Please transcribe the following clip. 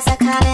casa, cara.